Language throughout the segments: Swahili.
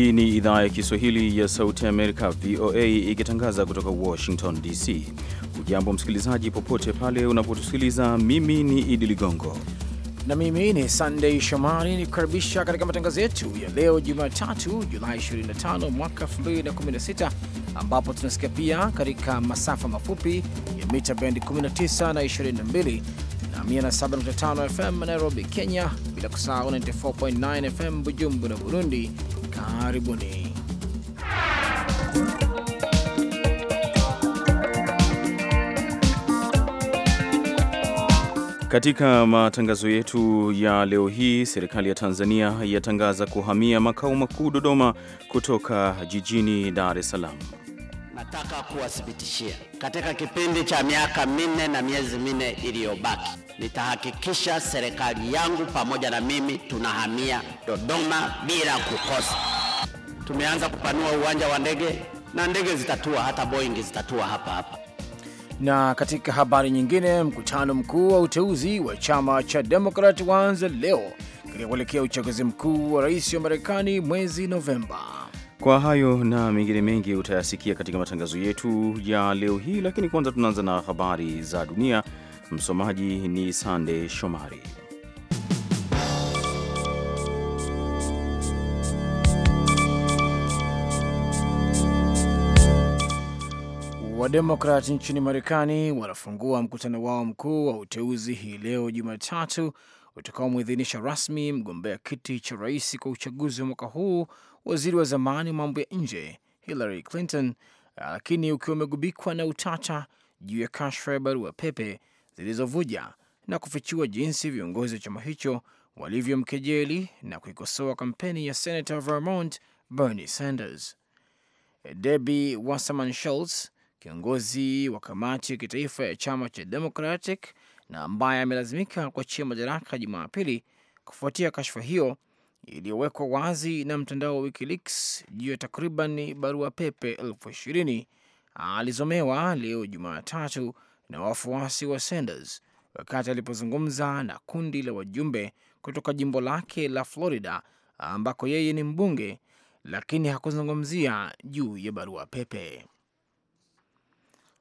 Hii ni idhaa ya Kiswahili ya Sauti ya Amerika, VOA, ikitangaza kutoka Washington DC. Ujambo msikilizaji, popote pale unapotusikiliza. Mimi ni Idi Ligongo na mimi ni sandei Shomari, ni kukaribisha katika matangazo yetu ya leo Jumatatu, Julai 25 mwaka 2016, ambapo tunasikia pia katika masafa mafupi ya mita bendi 19 na 22 na 107.5 FM Nairobi, Kenya, bila kusahau 94.9 FM Bujumbura, Burundi Karibuni. Katika matangazo yetu ya leo hii, serikali ya Tanzania yatangaza kuhamia makao makuu Dodoma kutoka jijini Dar es Salaam. Nataka kuwathibitishia katika kipindi cha miaka minne na miezi minne iliyobaki nitahakikisha serikali yangu pamoja na mimi tunahamia Dodoma bila kukosa. Tumeanza kupanua uwanja wa ndege na ndege zitatua, hata Boeing zitatua hapa hapa. Na katika habari nyingine, mkutano mkuu wa uteuzi wa chama cha Demokrat waanze leo katika kuelekea uchaguzi mkuu wa rais wa Marekani mwezi Novemba. Kwa hayo na mengine mengi utayasikia katika matangazo yetu ya leo hii, lakini kwanza tunaanza na habari za dunia Msomaji ni Sande Shomari. Wademokrat nchini Marekani wanafungua mkutano wao mkuu wa uteuzi hii leo Jumatatu utakaomwidhinisha rasmi mgombea kiti cha rais kwa uchaguzi wa mwaka huu, waziri wa zamani wa mambo ya nje Hillary Clinton, lakini ukiwa umegubikwa na utata juu ya kashfa ya barua pepe zilizovuja na kufichua jinsi viongozi wa chama hicho walivyomkejeli na kuikosoa kampeni ya Senator Vermont Bernie Sanders. Debbie Wasserman Schultz, kiongozi wa kamati ya kitaifa ya chama cha Democratic na ambaye amelazimika kuachia madaraka Jumapili kufuatia kashfa hiyo iliyowekwa wazi na mtandao wa WikiLeaks juu ya takriban barua pepe elfu ishirini alizomewa leo Jumatatu na wafuasi wa Sanders wakati alipozungumza na kundi la wajumbe kutoka jimbo lake la Florida ambako yeye ni mbunge, lakini hakuzungumzia juu ya barua pepe.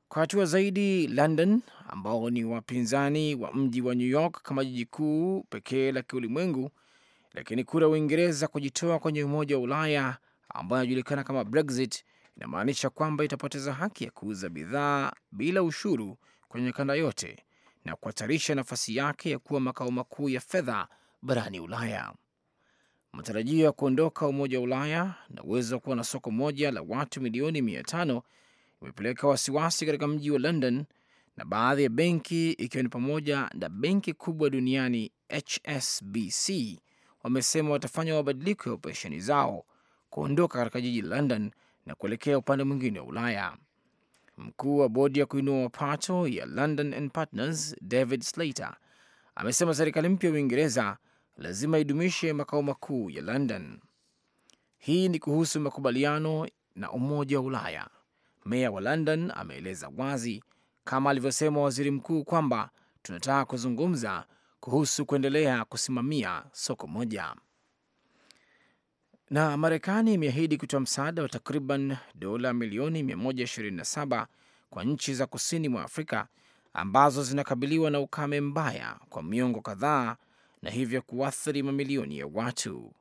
Kwa hatua zaidi, London ambao ni wapinzani wa mji wa New York kama jiji kuu pekee la kiulimwengu, lakini kura ya Uingereza kujitoa kwenye Umoja wa Ulaya ambayo inajulikana kama Brexit inamaanisha kwamba itapoteza haki ya kuuza bidhaa bila ushuru kwenye kanda yote na kuhatarisha nafasi yake ya kuwa makao makuu ya fedha barani Ulaya. Matarajio ya kuondoka Umoja wa Ulaya na uwezo wa kuwa na soko moja la watu milioni mia tano imepeleka wasiwasi katika mji wa London na baadhi ya benki ikiwa ni pamoja na benki kubwa duniani HSBC wamesema watafanya mabadiliko ya operesheni zao kuondoka katika jiji la London na kuelekea upande mwingine wa Ulaya. Mkuu wa bodi ya kuinua mapato ya London and Partners David Slater amesema serikali mpya ya Uingereza lazima idumishe makao makuu ya London. Hii ni kuhusu makubaliano na Umoja wa Ulaya. Meya wa London ameeleza wazi, kama alivyosema waziri mkuu, kwamba tunataka kuzungumza kuhusu kuendelea kusimamia soko moja. Na Marekani imeahidi kutoa msaada wa takriban dola milioni 127 kwa nchi za kusini mwa Afrika ambazo zinakabiliwa na ukame mbaya kwa miongo kadhaa na hivyo kuathiri mamilioni ya watu.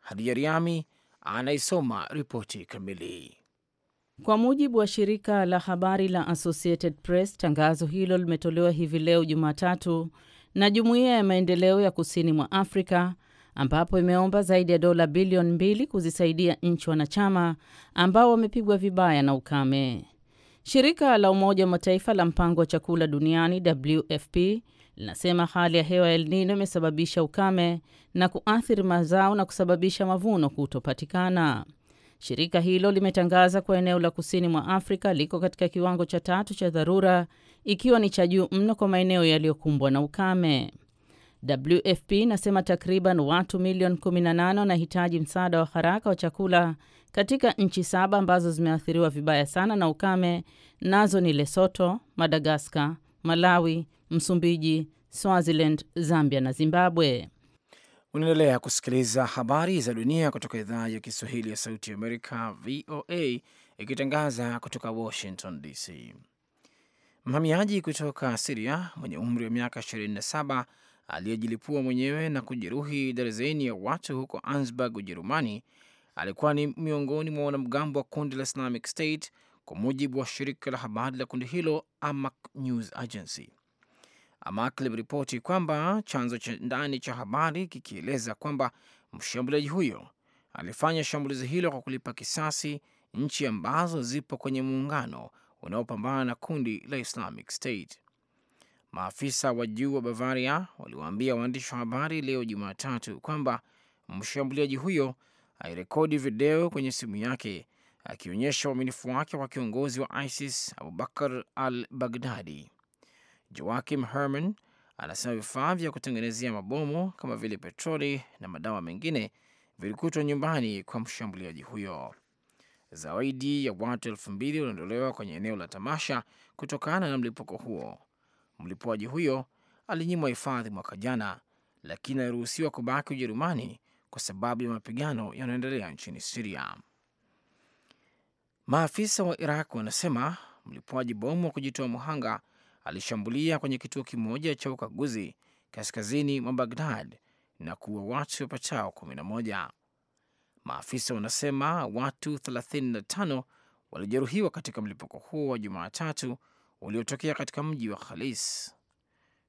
Hadija Riami anaisoma ripoti kamili. Kwa mujibu wa shirika la habari la Associated Press, tangazo hilo limetolewa hivi leo Jumatatu na Jumuiya ya Maendeleo ya Kusini mwa Afrika ambapo imeomba zaidi ya dola bilioni mbili kuzisaidia nchi wanachama ambao wamepigwa vibaya na ukame. Shirika la Umoja wa Mataifa la Mpango wa Chakula Duniani WFP linasema hali ya hewa ya El Nino imesababisha ukame na kuathiri mazao na kusababisha mavuno kutopatikana. Shirika hilo limetangaza kwa eneo la kusini mwa Afrika liko katika kiwango cha tatu cha dharura, ikiwa ni cha juu mno kwa maeneo yaliyokumbwa na ukame. WFP inasema takriban watu milioni 18 wanahitaji msaada wa haraka wa chakula katika nchi saba ambazo zimeathiriwa vibaya sana na ukame, nazo ni Lesotho, Madagaskar, Malawi, Msumbiji, Swaziland, Zambia na Zimbabwe. Unaendelea kusikiliza habari za dunia kutoka idhaa ya Kiswahili ya Sauti ya Amerika, VOA, ikitangaza kutoka Washington DC. Mhamiaji kutoka Siria mwenye umri wa miaka 27 aliyejilipua mwenyewe na kujeruhi darzeni ya watu huko ansburg Ujerumani, alikuwa ni miongoni mwa wanamgambo wa kundi la Islamic State kwa mujibu wa shirika la habari la kundi hilo amac News Agency. amac limeripoti kwamba chanzo cha ndani cha habari kikieleza kwamba mshambuliaji huyo alifanya shambulizi hilo kwa kulipa kisasi nchi ambazo zipo kwenye muungano unaopambana na kundi la Islamic State. Maafisa wa juu wa Bavaria waliwaambia waandishi wa habari leo Jumatatu kwamba mshambuliaji huyo alirekodi video kwenye simu yake akionyesha uaminifu wake kwa kiongozi wa ISIS Abubakar al Baghdadi. Joakim Herman anasema vifaa vya kutengenezea mabomu kama vile petroli na madawa mengine vilikutwa nyumbani kwa mshambuliaji huyo. Zaidi ya watu elfu mbili waliondolewa kwenye eneo la tamasha kutokana na mlipuko huo. Mlipuaji huyo alinyimwa hifadhi mwaka jana, lakini aliruhusiwa kubaki Ujerumani kwa sababu ya mapigano yanayoendelea nchini Siria. Maafisa wa Iraq wanasema mlipuaji bomu wa kujitoa muhanga alishambulia kwenye kituo kimoja cha ukaguzi kaskazini mwa Bagdad na kuua watu wapatao 11. Maafisa wanasema watu 35 walijeruhiwa katika mlipuko huo wa Jumatatu uliotokea katika mji wa Khalis.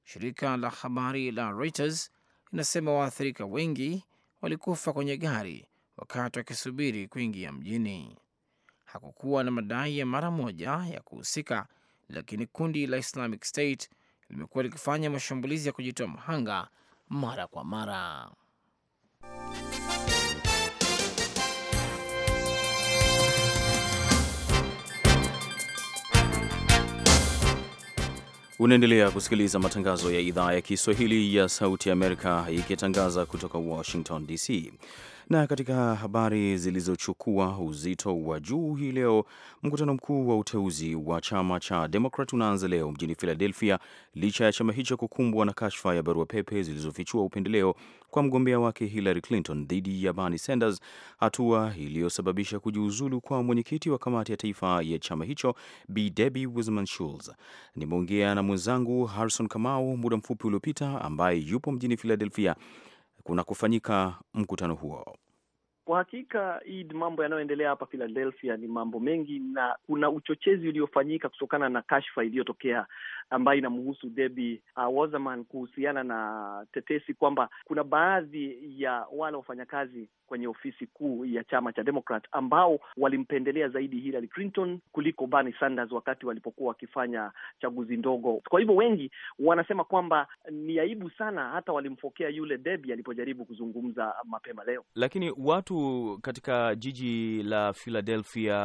Shirika la habari la Reuters linasema waathirika wengi walikufa kwenye gari wakati wakisubiri kuingia mjini. Hakukuwa na madai ya mara moja ya kuhusika, lakini kundi la Islamic State limekuwa likifanya mashambulizi ya kujitoa mhanga mara kwa mara. Unaendelea kusikiliza matangazo ya idhaa ya Kiswahili ya Sauti Amerika ikitangaza kutoka Washington DC. Na katika habari zilizochukua uzito wa juu hii leo, mkutano mkuu wa uteuzi wa chama cha Demokrat unaanza leo mjini Philadelphia, licha ya chama hicho kukumbwa na kashfa ya barua pepe zilizofichua upendeleo kwa mgombea wake Hillary Clinton dhidi ya Bernie Sanders, hatua iliyosababisha kujiuzulu kwa mwenyekiti wa kamati ya taifa ya chama hicho Bi Debbie Wasserman Nimeongea na mwenzangu Harrison Kamau muda mfupi uliopita, ambaye yupo mjini Philadelphia kuna kufanyika mkutano huo. Kwa hakika Eid, mambo yanayoendelea hapa Philadelphia ni mambo mengi, na kuna uchochezi uliofanyika kutokana na kashfa iliyotokea ambayo inamhusu debi uh, Wasserman kuhusiana na tetesi kwamba kuna baadhi ya wale wafanyakazi kwenye ofisi kuu ya chama cha Democrat ambao walimpendelea zaidi Hillary Clinton kuliko Bernie Sanders wakati walipokuwa wakifanya chaguzi ndogo. Kwa hivyo wengi wanasema kwamba ni aibu sana, hata walimfokea yule debi alipojaribu kuzungumza mapema leo. Lakini watu katika jiji la Philadelphia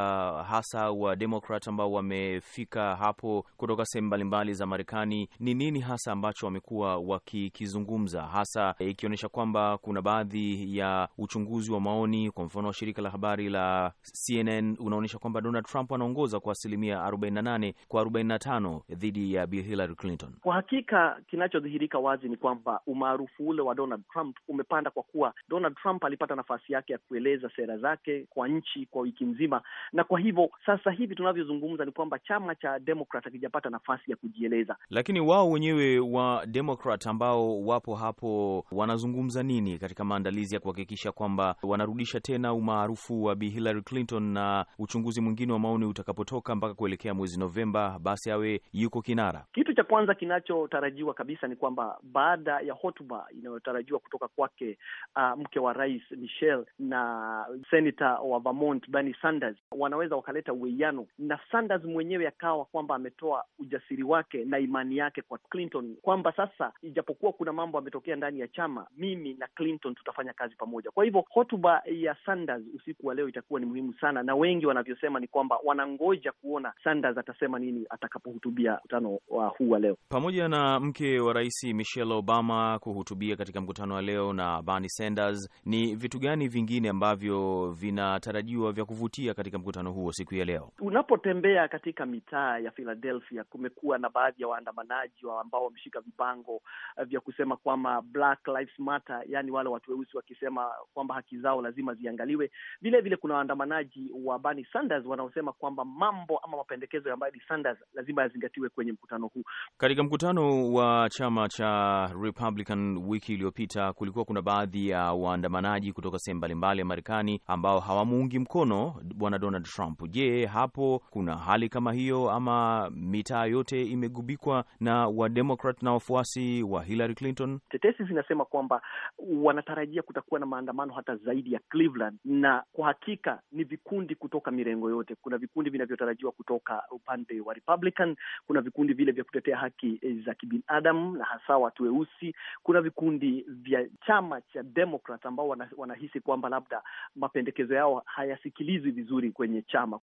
hasa wa Democrat ambao wamefika hapo kutoka sehemu mbalimbali serikali za Marekani ni nini hasa ambacho wamekuwa wakikizungumza, hasa eh, ikionyesha kwamba kuna baadhi ya uchunguzi wa maoni, kwa mfano wa shirika la habari la CNN unaonyesha kwamba Donald Trump anaongoza kwa asilimia 48 kwa 45 dhidi ya Bi Hillary Clinton. Kwa hakika kinachodhihirika wazi ni kwamba umaarufu ule wa Donald Trump umepanda kwa kuwa Donald Trump alipata nafasi yake ya kueleza sera zake kwa nchi kwa wiki nzima, na kwa hivyo sasa hivi tunavyozungumza ni kwamba chama cha Democrat hakijapata nafasi ya kuji kujieleza. Lakini wao wenyewe wa Democrat ambao wapo hapo wanazungumza nini katika maandalizi ya kuhakikisha kwamba wanarudisha tena umaarufu wa Bi Hillary Clinton, na uchunguzi mwingine wa maoni utakapotoka mpaka kuelekea mwezi Novemba, basi awe yuko kinara. Kitu cha kwanza kinachotarajiwa kabisa ni kwamba baada ya hotuba inayotarajiwa kutoka kwake uh, mke wa rais Michelle na senata wa Vermont Bernie Sanders, wanaweza wakaleta uwiano na Sanders mwenyewe akawa kwamba ametoa ujasiri wake wake na imani yake kwa Clinton kwamba sasa, ijapokuwa kuna mambo ametokea ndani ya chama, mimi na Clinton tutafanya kazi pamoja. Kwa hivyo hotuba ya Sanders usiku wa leo itakuwa ni muhimu sana, na wengi wanavyosema ni kwamba wanangoja kuona Sanders atasema nini atakapohutubia mkutano wa huu wa leo, pamoja na mke wa rais Michelle Obama kuhutubia katika mkutano wa leo na Bernie Sanders. Ni vitu gani vingine ambavyo vinatarajiwa vya kuvutia katika mkutano huo siku ya leo? Unapotembea katika mitaa ya Philadelphia kumekuwa na baadhi ya waandamanaji wa ambao wameshika vibango eh, vya kusema kwamba Black Lives Matter, yani wale watu weusi wakisema kwamba haki zao lazima ziangaliwe. Vile vile kuna waandamanaji wa Bernie Sanders wanaosema kwamba mambo ama mapendekezo ya Bernie Sanders lazima yazingatiwe kwenye mkutano huu. Katika mkutano wa chama cha Republican wiki iliyopita, kulikuwa kuna baadhi ya waandamanaji kutoka sehemu mbalimbali ya Marekani ambao hawamuungi mkono bwana Donald Trump. Je, hapo kuna hali kama hiyo ama mitaa yote ime imegubikwa na Wademokrat na wafuasi wa Hillary Clinton? Tetesi zinasema kwamba wanatarajia kutakuwa na maandamano hata zaidi ya Cleveland, na kwa hakika ni vikundi kutoka mirengo yote. Kuna vikundi vinavyotarajiwa kutoka upande wa Republican, kuna vikundi vile vya kutetea haki e, za kibinadamu na hasa watu weusi, kuna vikundi vya chama cha Democrat ambao wanahisi kwamba labda mapendekezo yao hayasikilizwi vizuri kwenye chama.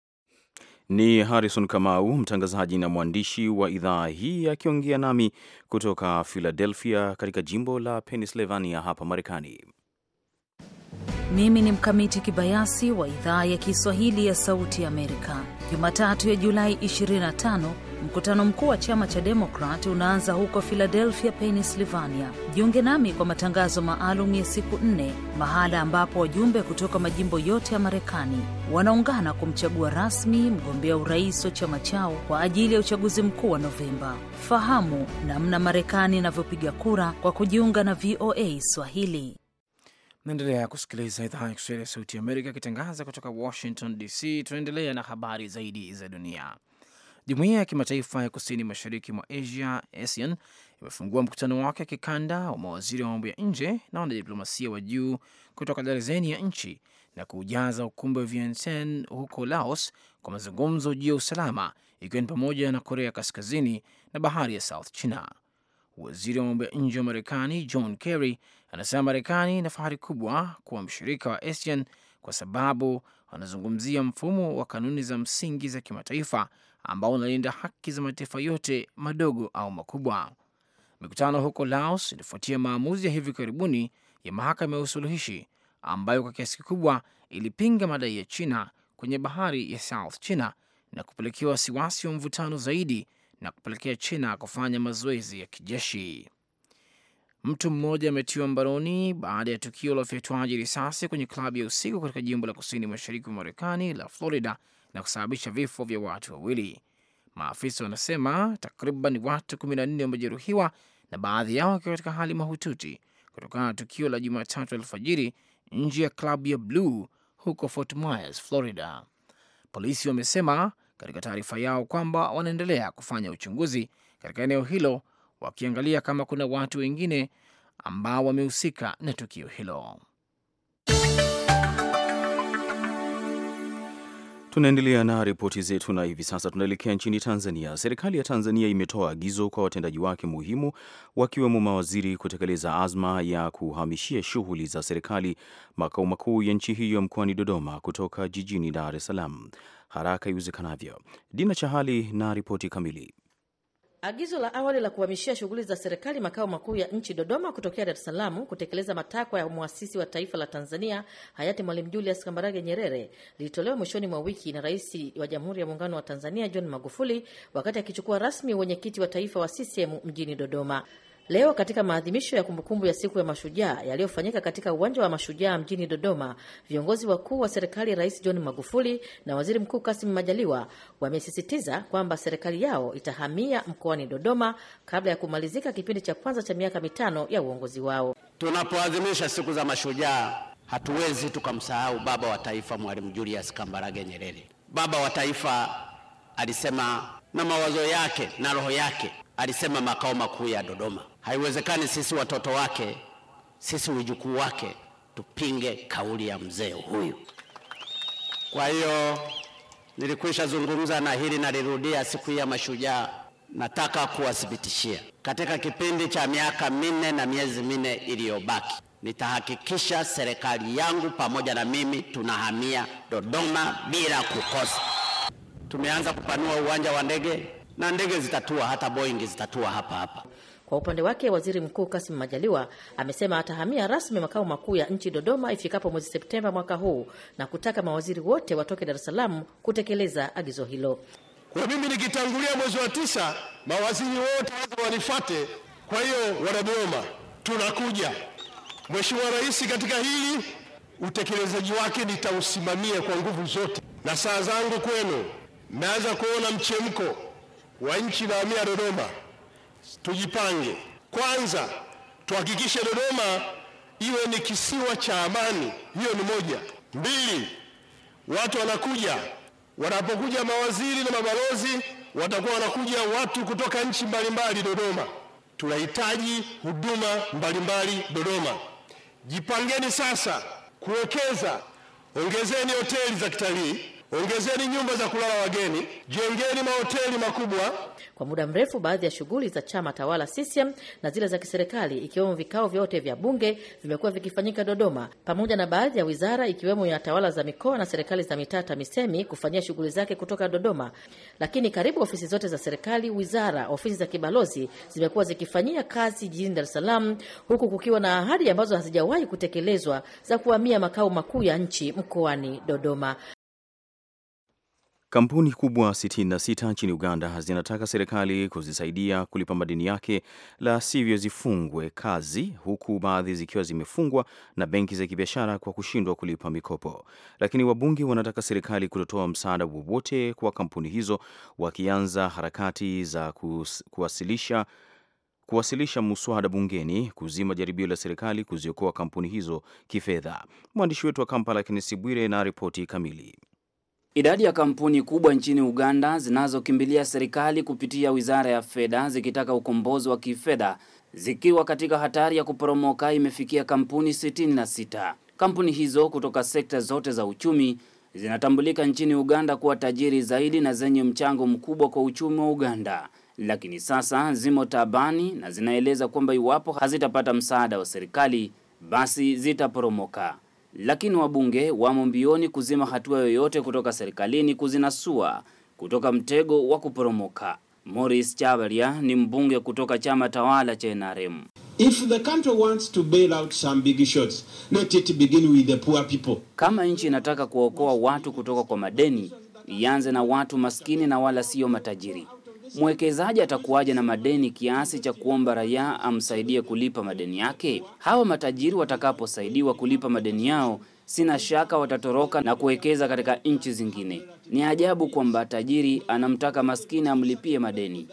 Ni Harrison Kamau, mtangazaji na mwandishi wa idhaa hii, akiongea nami kutoka Philadelphia katika jimbo la Pennsylvania hapa Marekani. Mimi ni Mkamiti Kibayasi wa idhaa ya Kiswahili ya Sauti ya Amerika. Jumatatu ya Julai 25 mkutano mkuu wa chama cha Demokrat unaanza huko Philadelphia, Pennsylvania. Jiunge nami kwa matangazo maalum ya siku nne, mahala ambapo wajumbe kutoka majimbo yote ya Marekani wanaungana kumchagua rasmi mgombea urais wa chama chao kwa ajili ya uchaguzi mkuu wa Novemba. Fahamu namna Marekani inavyopiga kura kwa kujiunga na VOA Swahili. Naendelea kusikiliza idhaa ya Kiswahili ya Sauti Amerika ikitangaza kutoka Washington DC. Tunaendelea na habari zaidi za dunia. Jumuiya ya Kimataifa ya Kusini Mashariki mwa Asia, ASEAN, imefungua mkutano wake wa kikanda wa mawaziri wa mambo ya nje na wanadiplomasia wa juu kutoka darzeni ya nchi na kuujaza ukumbi wa Vientiane huko Laos kwa mazungumzo juu ya usalama, ikiwa ni pamoja na Korea Kaskazini na bahari ya South China. Waziri wa mambo ya nje wa Marekani John Kerry Anasema Marekani ina fahari kubwa kuwa mshirika wa ASEAN kwa sababu wanazungumzia mfumo wa kanuni za msingi za kimataifa ambao unalinda haki za mataifa yote madogo au makubwa. Mikutano huko Laos ilifuatia maamuzi ya hivi karibuni ya mahakama ya usuluhishi ambayo kwa kiasi kikubwa ilipinga madai ya China kwenye bahari ya South China na kupelekea wasiwasi wa mvutano zaidi na kupelekea China kufanya mazoezi ya kijeshi. Mtu mmoja ametiwa mbaroni baada ya tukio la ufyatuaji risasi kwenye klabu ya usiku katika jimbo la kusini mashariki mwa Marekani la Florida na kusababisha vifo vya watu wawili. Maafisa wanasema takriban watu 14 wamejeruhiwa na baadhi yao wakiwa katika hali mahututi kutokana na tukio la Jumatatu alfajiri nje ya klabu ya Blue huko Fort Myers, Florida. Polisi wamesema katika taarifa yao kwamba wanaendelea kufanya uchunguzi katika eneo hilo wakiangalia kama kuna watu wengine ambao wamehusika na tukio hilo. Tunaendelea na ripoti zetu na hivi sasa tunaelekea nchini Tanzania. Serikali ya Tanzania imetoa agizo kwa watendaji wake muhimu wakiwemo mawaziri kutekeleza azma ya kuhamishia shughuli za serikali makao makuu ya nchi hiyo mkoani Dodoma kutoka jijini Dar es Salaam haraka iwezekanavyo. Dina Chahali na ripoti kamili. Agizo la awali la kuhamishia shughuli za serikali makao makuu ya nchi Dodoma kutokea Dar es Salaam kutekeleza matakwa ya mwasisi wa taifa la Tanzania hayati Mwalimu Julius Kambarage Nyerere lilitolewa mwishoni mwa wiki na Rais wa Jamhuri ya Muungano wa Tanzania John Magufuli wakati akichukua rasmi uwenyekiti wa taifa wa CCM mjini Dodoma. Leo katika maadhimisho ya kumbukumbu ya siku ya mashujaa yaliyofanyika katika uwanja wa mashujaa mjini Dodoma, viongozi wakuu wa serikali Rais John Magufuli na Waziri Mkuu Kassim Majaliwa wamesisitiza kwamba serikali yao itahamia mkoani Dodoma kabla ya kumalizika kipindi cha kwanza cha miaka mitano ya uongozi wao. Tunapoadhimisha siku za mashujaa, hatuwezi tukamsahau baba wa taifa Mwalimu Julius Kambarage Nyerere. Baba wa taifa alisema na mawazo yake na roho yake alisema makao makuu ya Dodoma. Haiwezekani sisi watoto wake, sisi ujukuu wake tupinge kauli ya mzee huyu. Kwa hiyo nilikwisha zungumza na hili nalirudia siku ya Mashujaa. Nataka kuwathibitishia katika kipindi cha miaka minne na miezi minne iliyobaki, nitahakikisha serikali yangu pamoja na mimi tunahamia Dodoma bila kukosa. Tumeanza kupanua uwanja wa ndege na ndege zitatua, hata Boeing zitatua hapa hapa. Kwa upande wake Waziri Mkuu Kasim Majaliwa amesema atahamia rasmi makao makuu ya nchi Dodoma ifikapo mwezi Septemba mwaka huu na kutaka mawaziri wote watoke Dar es Salaam kutekeleza agizo hilo. Kwa mimi nikitangulia mwezi wa tisa, mawaziri wote waza wanifate. Kwa hiyo wanadoma, tunakuja. Mheshimiwa Rais, katika hili utekelezaji wake nitausimamia kwa nguvu zote, na saa zangu kwenu naweza kuona mchemko wa nchi na hamia Dodoma, tujipange kwanza, tuhakikishe Dodoma iwe ni kisiwa cha amani. Hiyo ni moja. Mbili, watu wanakuja, wanapokuja mawaziri na mabalozi, watakuwa wanakuja watu kutoka nchi mbalimbali Dodoma. Tunahitaji huduma mbalimbali Dodoma. Jipangeni sasa kuwekeza, ongezeni hoteli za kitalii Ongezeni nyumba za kulala wageni, jengeni mahoteli makubwa. Kwa muda mrefu baadhi ya shughuli za chama tawala CCM na zile za kiserikali ikiwemo vikao vyote vya bunge vimekuwa vikifanyika Dodoma, pamoja na baadhi ya wizara ikiwemo ya tawala za mikoa na serikali za mitaa TAMISEMI kufanyia shughuli zake kutoka Dodoma. Lakini karibu ofisi zote za serikali, wizara, ofisi za kibalozi zimekuwa zikifanyia kazi jijini Dar es Salaam, huku kukiwa na ahadi ambazo hazijawahi kutekelezwa za kuhamia makao makuu ya nchi mkoani Dodoma. Kampuni kubwa 66 nchini Uganda zinataka serikali kuzisaidia kulipa madeni yake, la sivyo zifungwe kazi, huku baadhi zikiwa zimefungwa na benki za kibiashara kwa kushindwa kulipa mikopo. Lakini wabunge wanataka serikali kutotoa msaada wowote kwa kampuni hizo, wakianza harakati za kuwasilisha kuwasilisha muswada bungeni kuzima jaribio la serikali kuziokoa kampuni hizo kifedha. Mwandishi wetu wa Kampala, Kennesi Bwire, na ripoti kamili. Idadi ya kampuni kubwa nchini Uganda zinazokimbilia serikali kupitia wizara ya fedha zikitaka ukombozi wa kifedha zikiwa katika hatari ya kuporomoka imefikia kampuni 66. Kampuni hizo kutoka sekta zote za uchumi zinatambulika nchini Uganda kuwa tajiri zaidi na zenye mchango mkubwa kwa uchumi wa Uganda, lakini sasa zimo taabani na zinaeleza kwamba iwapo hazitapata msaada wa serikali basi zitaporomoka lakini wabunge wamo mbioni kuzima hatua yoyote kutoka serikalini kuzinasua kutoka mtego wa kuporomoka. Morris Chavalia ni mbunge kutoka chama tawala cha NRM. If the country wants to bail out some big shots, let it begin with the poor people. Kama nchi inataka kuokoa watu kutoka kwa madeni, ianze na watu maskini na wala sio matajiri mwekezaji atakuwaje na madeni kiasi cha kuomba raia amsaidie kulipa madeni yake? Hawa matajiri watakaposaidiwa kulipa madeni yao, sina shaka watatoroka na kuwekeza katika nchi zingine. Ni ajabu kwamba tajiri anamtaka maskini amlipie madeni.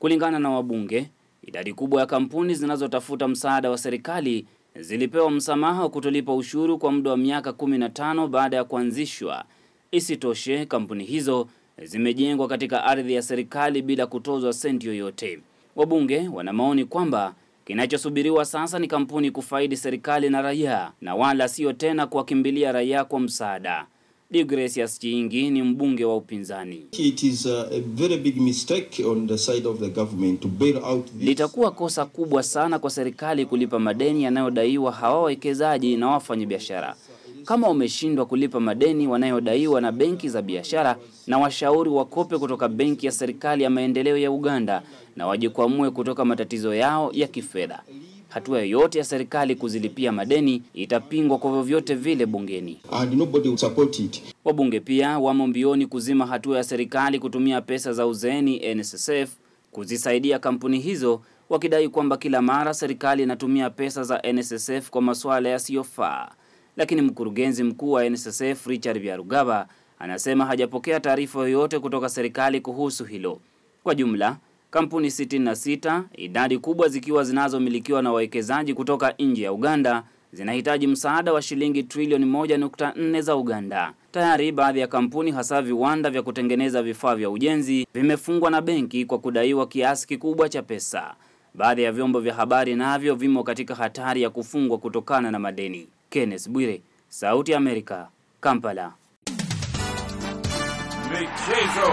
Kulingana na wabunge, idadi kubwa ya kampuni zinazotafuta msaada wa serikali zilipewa msamaha wa kutolipa ushuru kwa muda wa miaka 15 baada ya kuanzishwa. Isitoshe, kampuni hizo zimejengwa katika ardhi ya serikali bila kutozwa senti yoyote. Wabunge wana maoni kwamba kinachosubiriwa sasa ni kampuni kufaidi serikali na raia na wala sio tena kuwakimbilia raia kwa msaada. Deogratius Chiingi ni mbunge wa upinzani. It is a very big mistake on the side of the government to bail out this. Litakuwa kosa kubwa sana kwa serikali kulipa madeni yanayodaiwa hawa wawekezaji na wafanyabiashara kama wameshindwa kulipa madeni wanayodaiwa na benki za biashara, na washauri wakope kutoka benki ya serikali ya maendeleo ya Uganda na wajikwamue kutoka matatizo yao ya kifedha. Hatua yoyote ya serikali kuzilipia madeni itapingwa kwa vyovyote vile bungeni. Wabunge pia wamo mbioni kuzima hatua ya serikali kutumia pesa za uzeeni NSSF kuzisaidia kampuni hizo, wakidai kwamba kila mara serikali inatumia pesa za NSSF kwa masuala yasiyofaa lakini mkurugenzi mkuu wa NSSF Richard Byarugaba anasema hajapokea taarifa yoyote kutoka serikali kuhusu hilo. Kwa jumla, kampuni 66, idadi kubwa zikiwa zinazomilikiwa na wawekezaji kutoka nje ya Uganda zinahitaji msaada wa shilingi trilioni 1.4 za Uganda. Tayari baadhi ya kampuni hasa viwanda vya kutengeneza vifaa vya ujenzi vimefungwa na benki kwa kudaiwa kiasi kikubwa cha pesa. Baadhi ya vyombo vya habari navyo vimo katika hatari ya kufungwa kutokana na madeni. Kenneth Bwire, Sauti ya Amerika, Kampala. Michezo.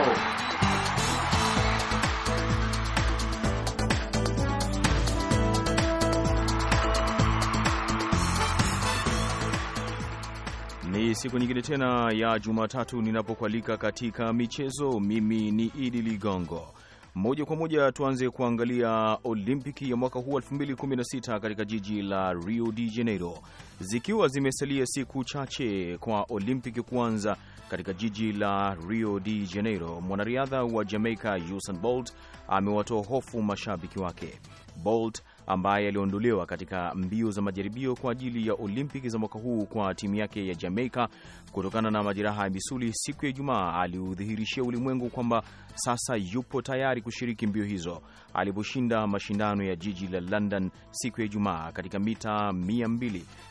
Ni siku nyingine tena ya Jumatatu ninapokualika katika michezo. Mimi ni Idi Ligongo. Moja kwa moja tuanze kuangalia Olimpiki ya mwaka huu 2016 katika jiji la Rio de Janeiro, zikiwa zimesalia siku chache kwa Olimpiki kuanza katika jiji la Rio de Janeiro. Mwanariadha wa Jamaica Usain Bolt amewatoa hofu mashabiki wake. Bolt ambaye aliondolewa katika mbio za majaribio kwa ajili ya Olimpiki za mwaka huu kwa timu yake ya Jamaica kutokana na majeraha ya misuli, siku ya Ijumaa aliudhihirishia ulimwengu kwamba sasa yupo tayari kushiriki mbio hizo aliposhinda mashindano ya jiji la London siku ya Ijumaa katika mita mia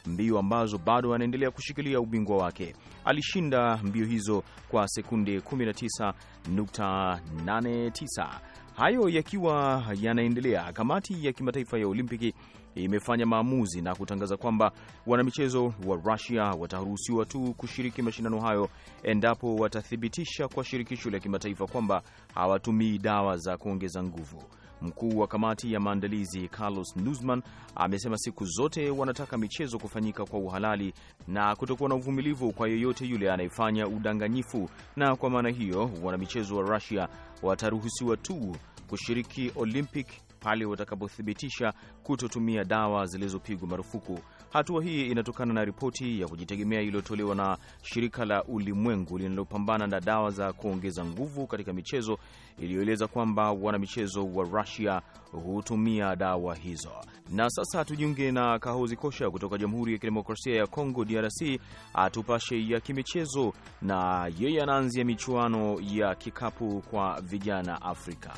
mbio ambazo bado anaendelea kushikilia ubingwa wake. Alishinda mbio hizo kwa sekunde 19.89 Hayo yakiwa yanaendelea, kamati ya kimataifa ya Olimpiki imefanya maamuzi na kutangaza kwamba wanamichezo wa Rusia wataruhusiwa tu kushiriki mashindano hayo endapo watathibitisha kwa shirikisho la kimataifa kwamba hawatumii dawa za kuongeza nguvu. Mkuu wa kamati ya maandalizi Carlos Nuzman amesema siku zote wanataka michezo kufanyika kwa uhalali na kutokuwa na uvumilivu kwa yeyote yule anayefanya udanganyifu, na kwa maana hiyo wanamichezo wa Rusia wataruhusiwa tu kushiriki Olympic pale watakapothibitisha kutotumia dawa zilizopigwa marufuku. Hatua hii inatokana na ripoti ya kujitegemea iliyotolewa na shirika la ulimwengu linalopambana na dawa za kuongeza nguvu katika michezo iliyoeleza kwamba wanamichezo wa Rusia hutumia dawa hizo. Na sasa tujiunge na Kahozi Kosha kutoka Jamhuri ya Kidemokrasia ya Kongo, DRC, atupashe ya kimichezo, na yeye anaanzia michuano ya kikapu kwa vijana Afrika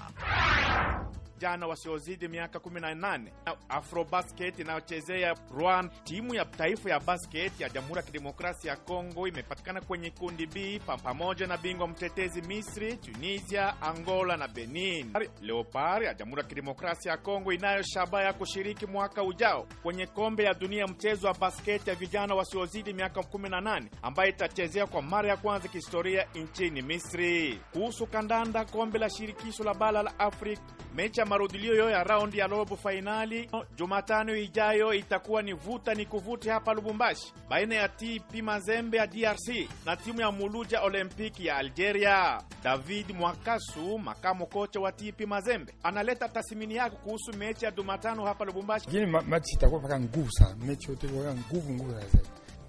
vijana wasiozidi miaka 18 Afrobasket inayochezea Rwanda. Timu ya taifa ya basket ya Jamhuri ya Kidemokrasia ya Kongo imepatikana kwenye kundi B pamoja na bingwa mtetezi Misri, Tunisia, Angola na Benin. Leopard ya Jamhuri ya Kidemokrasia ya Kongo inayo shabaha ya kushiriki mwaka ujao kwenye kombe ya dunia mchezo wa basketi ya vijana wasiozidi miaka 18 ambayo itachezea kwa mara ya kwanza kihistoria nchini Misri. Kuhusu kandanda, kombe la shirikisho la bara la Afrika Mechi ya marudilio ya raundi ya robo fainali Jumatano ijayo itakuwa ni vuta ni kuvuti hapa Lubumbashi, baina ya TP Mazembe ya DRC na timu ya Muluja Olympic ya Algeria. David Mwakasu, makamu kocha wa TP Mazembe, analeta tasimini yake kuhusu mechi ya Jumatano hapa Lubumbashi. ma mechi itakuwa paka nguvu sana, mechi yote nguvu nguvu zaidi,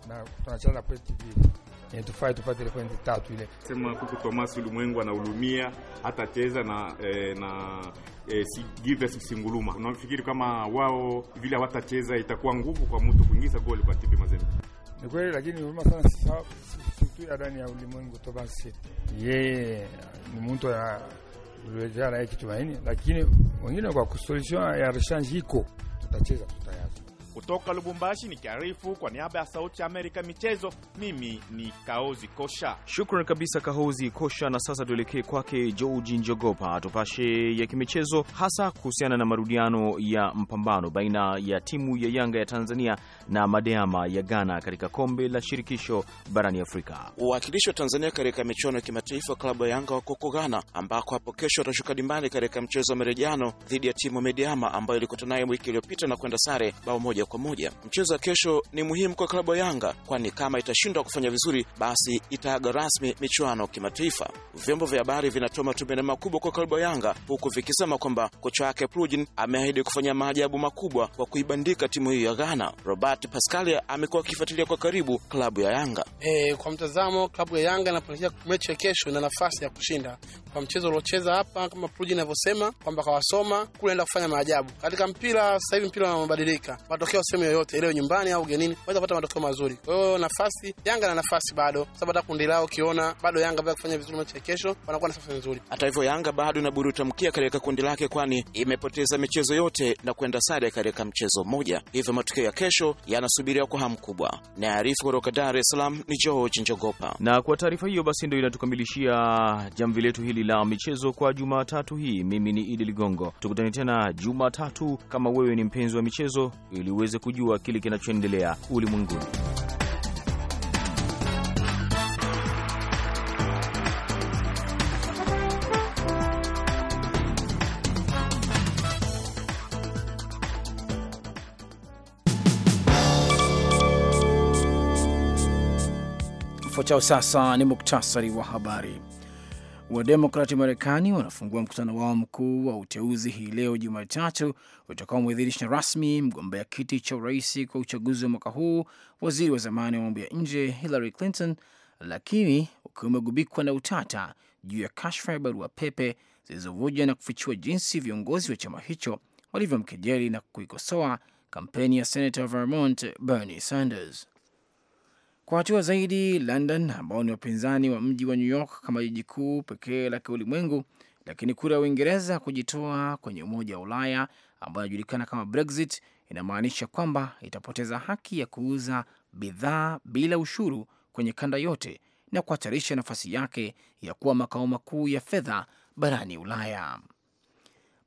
na tunacheza kwetu TV Eh, tufai tupate ile pointi tatu ile. Sema kuku Thomas ulimwengu anahulumia cheza na e, na e, si, give us Singuluma. Unafikiri kama wao vile hawatacheza itakuwa nguvu kwa mtu kuingiza goli kwa TP Mazembe? Ni kweli, lakini huruma sana tu ya ndani ya ulimwengu. Thomas yeye ni mtu ya uliwezea naye kitumaini, lakini wengine kwa solution ya rechange iko tutacheza tutaya kutoka Lubumbashi nikiarifu kwa niaba ya Sauti ya Amerika michezo, mimi ni Kaozi Kosha. Shukran kabisa Kaozi Kosha, na sasa tuelekee kwake Georgi Njogopa tupashe ya kimichezo, hasa kuhusiana na marudiano ya mpambano baina ya timu ya Yanga ya Tanzania na Madeama ya Ghana katika kombe la shirikisho barani Afrika. Uwakilishi wa Tanzania katika michuano ya kimataifa klabu ya Yanga wakoko Ghana, ambako hapo kesho watashuka dimbani katika mchezo wa marejano dhidi ya timu Madeama ambayo ilikutana nayo wiki iliyopita na kwenda sare bao moja kwa moja. Mchezo wa kesho ni muhimu kwa klabu ya Yanga, kwani kama itashindwa kufanya vizuri, basi itaaga rasmi michuano kimataifa. Vyombo vya habari vinatoa matumaini makubwa kwa klabu ya Yanga, huku vikisema kwamba kocha wake Prujin ameahidi kufanya maajabu makubwa kwa kuibandika timu hiyo ya Ghana. Robert Pascal amekuwa akifuatilia kwa karibu klabu ya Yanga. E, kwa mtazamo klabu ya Yanga inapoelekea mechi ya kesho na nafasi ya kushinda kwa mchezo uliocheza hapa, kama Prujin anavyosema kwamba kawasoma kule, enda kufanya maajabu katika mpira. Sasa hivi mpira unabadilika, matokeo sehemu yoyote ile, nyumbani au ugenini, unaweza kupata matokeo mazuri. Kwa hiyo nafasi Yanga na nafasi bado, sababu hata kundi lao ukiona bado Yanga bado kufanya vizuri mechi ya kesho, wanakuwa na nafasi nzuri. Hata hivyo, Yanga bado inaburuta mkia katika kundi lake, kwani imepoteza michezo yote na kwenda sare katika mchezo mmoja, hivyo matokeo ya kesho yanasubiriwa kwa hamu kubwa. Naarifu kutoka Dar es Salaam ni George Njogopa, na kwa taarifa hiyo basi ndio inatukamilishia jamvi letu hili la michezo kwa Jumatatu hii. Mimi ni Idi Ligongo, tukutane tena Jumatatu kama wewe ni mpenzi wa michezo ili uweze tuweze kujua kile kinachoendelea ulimwenguni. Ifuatayo sasa ni muktasari wa habari. Wademokrati Marekani wanafungua mkutano wao mkuu wa uteuzi hii leo Jumatatu utakaomwidhinisha rasmi mgombea kiti cha urais kwa uchaguzi wa mwaka huu, waziri wa zamani wa mambo ya nje Hillary Clinton, lakini ukiwa umegubikwa na utata juu ya kashfa ya barua pepe zilizovuja na kufichua jinsi viongozi wa chama hicho walivyomkejeli na kuikosoa kampeni ya senata Vermont Bernie Sanders. Kwa hatua zaidi, London ambao ni wapinzani wa mji wa New York kama jiji kuu pekee la kiulimwengu, lakini kura ya Uingereza kujitoa kwenye Umoja wa Ulaya ambayo inajulikana kama Brexit inamaanisha kwamba itapoteza haki ya kuuza bidhaa bila ushuru kwenye kanda yote na kuhatarisha nafasi yake ya kuwa makao makuu ya fedha barani Ulaya.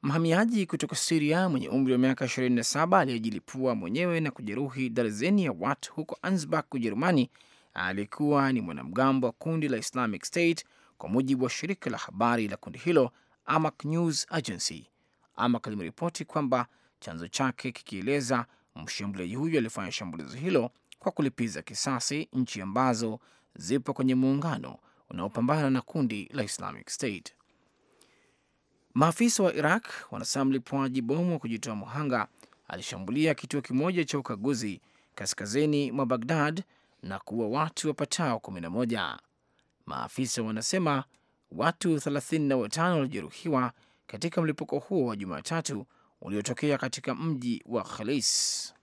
Mhamiaji kutoka Siria mwenye umri wa miaka 27 aliyejilipua mwenyewe na kujeruhi darzeni ya watu huko Ansbach, Ujerumani, alikuwa ni mwanamgambo wa kundi la Islamic State kwa mujibu wa shirika la habari la kundi hilo amac News Agency. amac limeripoti kwamba chanzo chake kikieleza mshambuliaji huyo alifanya shambulizi hilo kwa kulipiza kisasi nchi ambazo zipo kwenye muungano unaopambana na kundi la Islamic State. Maafisa wa Iraq wanasema mlipuaji bomu wa kujitoa muhanga alishambulia kituo kimoja cha ukaguzi kaskazini mwa Bagdad na kuua watu wapatao 11. Maafisa wanasema watu 35 walijeruhiwa katika mlipuko huo wa Jumatatu uliotokea katika mji wa Khalis.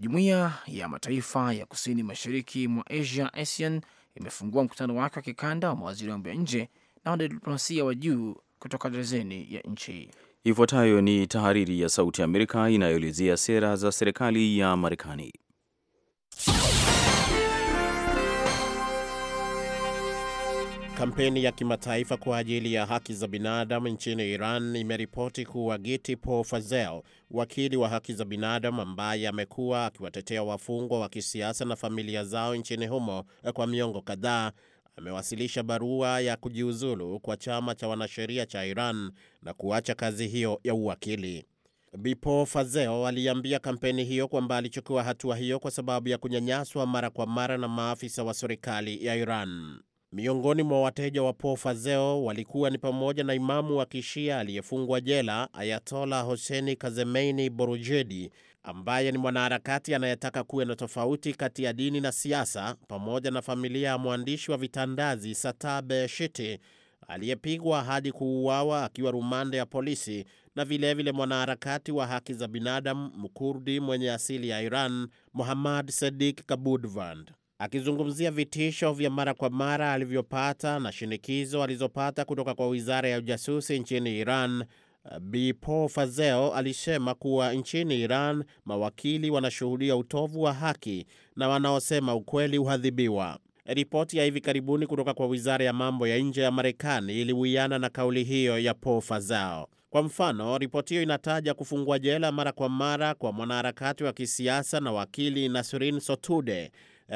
Jumuiya ya Mataifa ya Kusini Mashariki mwa Asia, ASEAN, imefungua mkutano wake wa kikanda wa mawaziri wa mambo ya nje na wanadiplomasia wa juu kutoka darzeni ya nchi. Ifuatayo ni tahariri ya Sauti Amerika inayoelezea sera za serikali ya Marekani. Kampeni ya kimataifa kwa ajili ya haki za binadamu nchini Iran imeripoti kuwa Giti Po Fazel, wakili wa haki za binadamu ambaye amekuwa akiwatetea wafungwa wa kisiasa na familia zao nchini humo kwa miongo kadhaa, amewasilisha barua ya kujiuzulu kwa chama cha wanasheria cha Iran na kuacha kazi hiyo ya uwakili. Bipo Fazeo aliambia kampeni hiyo kwamba alichukua hatua hiyo kwa sababu ya kunyanyaswa mara kwa mara na maafisa wa serikali ya Iran. Miongoni mwa wateja wa Po Fazeo walikuwa ni pamoja na imamu wa kishia aliyefungwa jela Ayatola Hoseni Kazemeini Borujedi ambaye ni mwanaharakati anayetaka kuwe na tofauti kati ya dini na siasa, pamoja na familia ya mwandishi wa vitandazi Satabe Shiti aliyepigwa hadi kuuawa akiwa rumande ya polisi, na vilevile mwanaharakati wa haki za binadamu Mkurdi mwenye asili ya Iran Muhammad sedik Kabudvand. Akizungumzia vitisho vya mara kwa mara alivyopata na shinikizo alizopata kutoka kwa wizara ya ujasusi nchini Iran, Bipo Fazeo alisema kuwa nchini Iran mawakili wanashuhudia utovu wa haki na wanaosema ukweli huadhibiwa. Ripoti ya hivi karibuni kutoka kwa wizara ya mambo ya nje ya Marekani iliwiana na kauli hiyo ya Po Fazao. Kwa mfano, ripoti hiyo inataja kufungwa jela mara kwa mara kwa mwanaharakati wa kisiasa na wakili Nasrin Sotude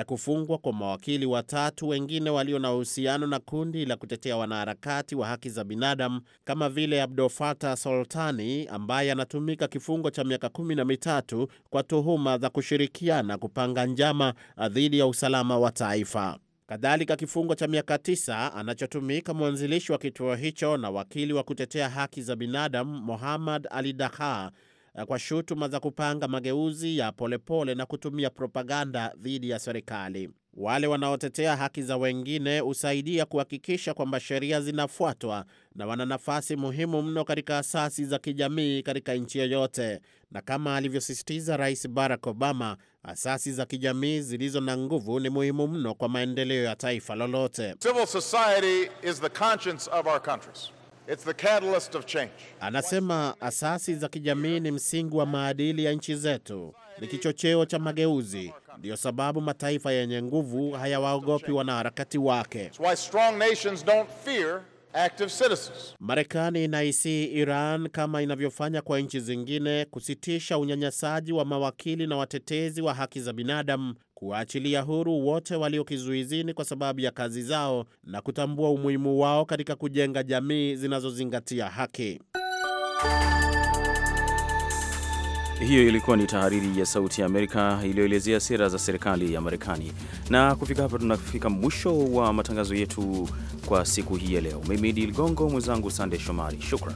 kufungwa kwa mawakili watatu wengine walio na uhusiano na kundi la kutetea wanaharakati wa haki za binadamu kama vile Abdul Fatah Soltani ambaye anatumika kifungo cha miaka kumi na mitatu kwa tuhuma za kushirikiana kupanga njama dhidi ya usalama wa taifa. Kadhalika, kifungo cha miaka tisa anachotumika mwanzilishi wa kituo hicho na wakili wa kutetea haki za binadamu mohammad Ali dakha Eh, kwa shutuma za kupanga mageuzi ya polepole na kutumia propaganda dhidi ya serikali. Wale wanaotetea haki za wengine husaidia kuhakikisha kwamba sheria zinafuatwa na wana nafasi muhimu mno katika asasi za kijamii katika nchi yoyote. Na kama alivyosisitiza Rais Barack Obama, asasi za kijamii zilizo na nguvu ni muhimu mno kwa maendeleo ya taifa lolote. Civil society is the conscience of our countries. It's the catalyst of change. Anasema asasi za kijamii ni msingi wa maadili ya nchi zetu, ni kichocheo cha mageuzi. Ndiyo sababu mataifa yenye nguvu hayawaogopi wanaharakati wake. Marekani inaisii Iran kama inavyofanya kwa nchi zingine kusitisha unyanyasaji wa mawakili na watetezi wa haki za binadamu kuwaachilia huru wote walio kizuizini kwa sababu ya kazi zao na kutambua umuhimu wao katika kujenga jamii zinazozingatia haki. Hiyo ilikuwa ni tahariri ya Sauti ya Amerika iliyoelezea sera za serikali ya Marekani. Na kufika hapa, tunafika mwisho wa matangazo yetu kwa siku hii ya leo. Mimi ni Ligongo, mwenzangu Sande Shomari, shukran.